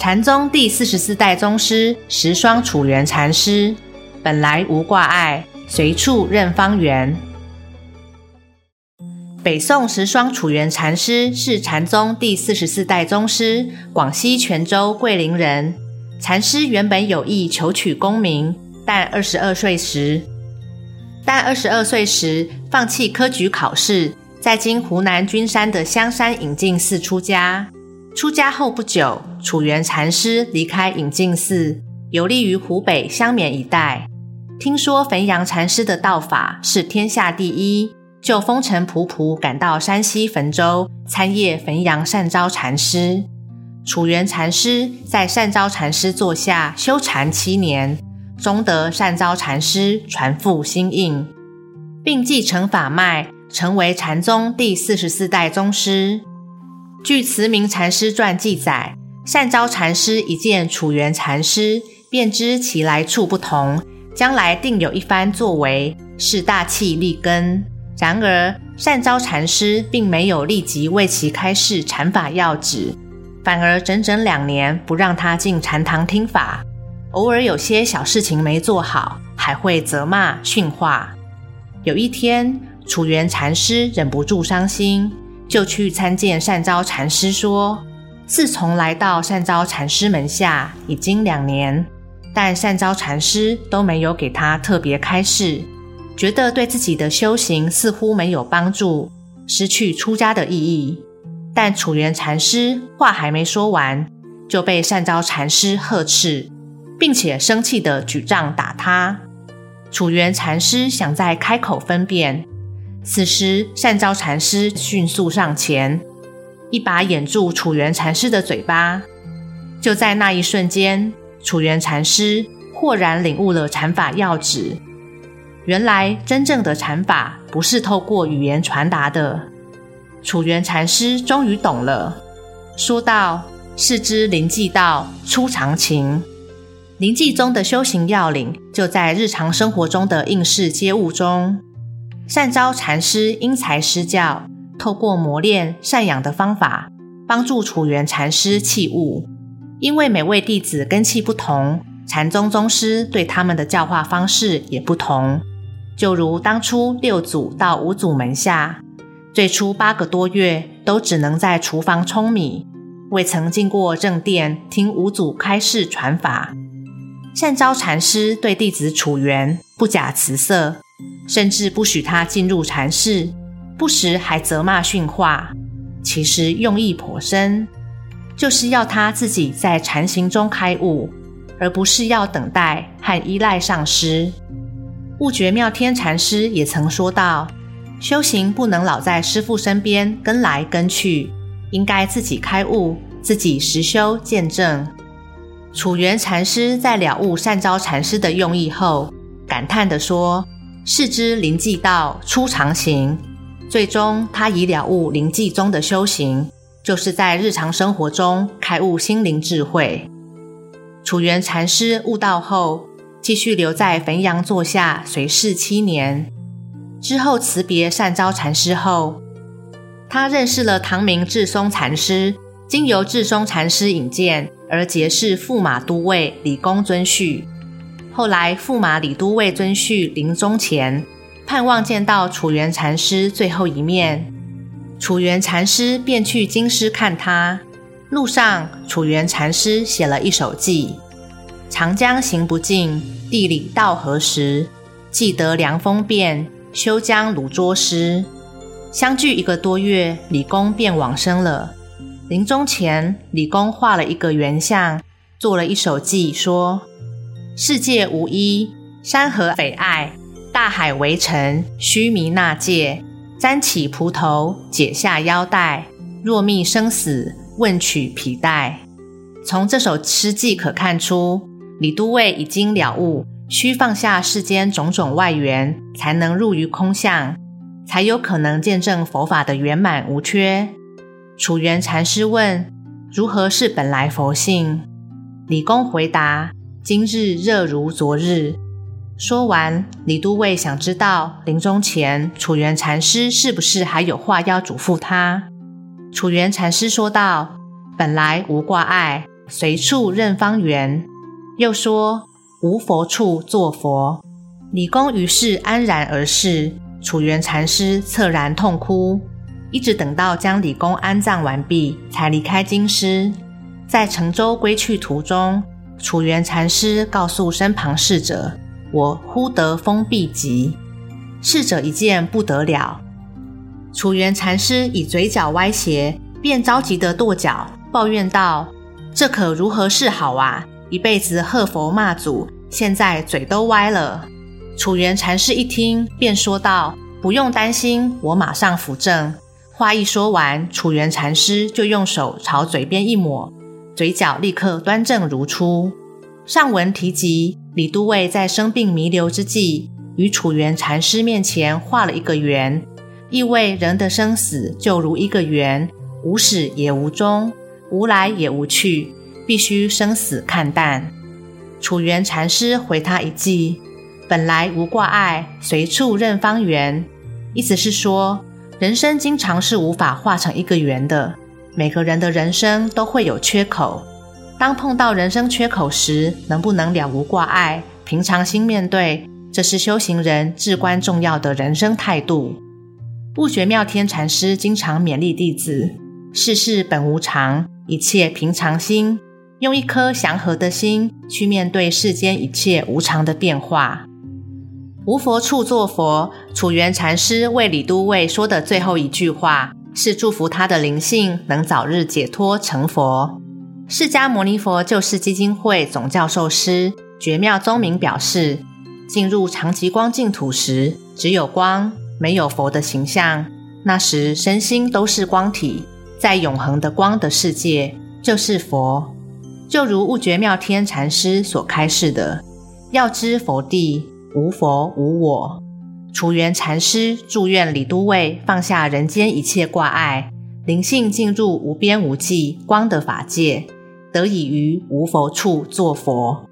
禪宗第四十四代宗師石霜楚圓禪師，本來無掛礙，隨處任方圓。北宋時霜石霜楚圓禪師是禪宗第四十四代宗師，廣西全州桂林人。禪師原本有意求取功名，但二十二歲時，但二十二歲時放棄科舉考試，在今湖南君山的湘山隱靜寺出家。出家後不久，楚圓禪師離開隱靜寺，遊歷於湖北襄沔一帶。聽說汾陽禪師的道法是天下第一，就風塵僕僕趕到山西汾州參謁汾陽善昭禪師。楚圓禪師在善昭禪師座下修禪七年，終得善昭禪師傳付心印，並繼承法脈，成為禪宗第四十四代宗師。據《慈明禪師傳》記載，善昭禪師一見楚圓禪師，便知其來處不同，將來定有一番作為，是大器立根。然而，善昭禪師並沒有立即為其開示禪法要旨，反而整整兩年不讓他進禪堂聽法，偶爾有些小事情沒做好，還會責罵訓話。有一天，楚圓禪師忍不住傷心，就去參見善昭禪師說，自從來到善昭禪師門下已經兩年，但善昭禪師都沒有給他特別開示，覺得對自己的修行似乎沒有幫助，失去出家的意義。但楚圓禪師話還沒說完，就被善昭禪師呵斥，並且生氣地舉杖打他。楚圓禪師想再開口分辨。此時，善昭禪師迅速上前，一把掩住楚圓禪師的嘴巴。就在那一瞬間，楚圓禪師豁然領悟了禪法要旨。原來，真正的禪法不是透過語言傳達的。楚圓禪師終於懂了，說道：“是知臨濟道出常情，臨濟中的修行要領就在日常生活中的應事接物中。”善昭禪師因材施教，透過磨練、善養的方法，幫助楚圓禪師器物。因為每位弟子根器不同，禪宗宗師對他們的教化方式也不同。就如當初六祖到五祖門下，最初八個多月都只能在廚房舂米，未曾進過正殿聽五祖開示傳法。善昭禪師對弟子楚圓不假辭色。甚至不許他進入禪室，不時還責罵訓話。其實用意頗深，就是要他自己在禪行中開悟，而不是要等待和依賴上師。悟覺妙天禪師也曾說道：修行不能老在師父身邊跟來跟去，應該自己開悟，自己實修見證。楚圓禪師在了悟善昭禪師的用意後，感嘆地說。是知臨濟道初長行，最終他已了悟臨濟宗的修行，就是在日常生活中開悟心靈智慧。楚圓禪師悟道後，繼續留在汾陽座下隨侍七年。之後辭別善昭禪師後，他認識了唐明智松禪師，經由智松禪師引薦而結識駙，駙馬都尉李公遵勗。後來，駙馬李都尉遵勗臨終前，盼望見到楚圓禪師最後一面。楚圓禪師便去京師看他。路上，楚圓禪師寫了一首偈：“長江行不盡，帝里到何時？既得涼風便，休將櫓棹施。”相距一個多月，李公便往生了。臨終前，李公畫了一個圓像，做了一首偈，說。世界無一，山河匪礙，大海為塵，須彌納芥，摘起蒲頭，解下腰帶。若覓生死，問取皮帶。從這首詩偈可看出，李都尉已經了悟，須放下世間種種外緣，才能入於空相，才有可能見證佛法的圓滿無缺。楚圓禪師問：如何是本來佛性？李公回答。今日熱如昨日。說完，李都尉想知道臨終前楚圓禪師是不是還有話要囑咐他。楚圓禪師說道：“本來無罣礙，隨處任方圓。”又說：“無佛處作佛。”李公於是安然而逝。楚圓禪師惻然痛哭，一直等到將李公安葬完畢，才離開京師，在乘舟歸去途中。楚圓禪師告訴身旁侍者：“我忽得風痹疾。”侍者一見不得了。楚圓禪師以嘴角歪斜，便着急地跺腳抱怨道：“這可如何是好啊！一輩子喝佛罵祖，現在嘴都歪了。”楚圓禪師一聽，便說道：“不用擔心，我馬上扶正。”話一說完，楚圓禪師就用手朝嘴邊一抹。嘴角立刻端正如初。上文提及李都尉在生病彌留之際，於楚圓禪師面前畫了一個圓，意味人的生死就如一個圓，無始也無終，無來也無去，必須生死看淡。楚圓禪師回他一句：“本來無掛礙，隨處任方圓。”意思是說，人生經常是無法畫成一個圓的。每個人的人生都會有缺口，當碰到人生缺口時，能不能了無掛礙，平常心面對，這是修行人至關重要的人生態度。悟覺妙天禪師經常勉勵弟子：世事本無常，一切平常心，用一顆祥和的心去面對世間一切無常的變化。無佛處作佛，楚圓禪師為李都尉說的最後一句話。是祝福他的靈性能早日解脫成佛。釋迦牟尼佛救世基金會總教授師覺妙宗明表示，進入常寂光淨土時，只有光，沒有佛的形象。那時身心都是光體，在永恆的光的世界，就是佛。就如悟覺妙天禪師所開示的，要知佛地，無佛無我。楚圓禪師祝願李都尉放下人間一切掛礙，靈性進入無邊無際光的法界，得以於無佛處作佛。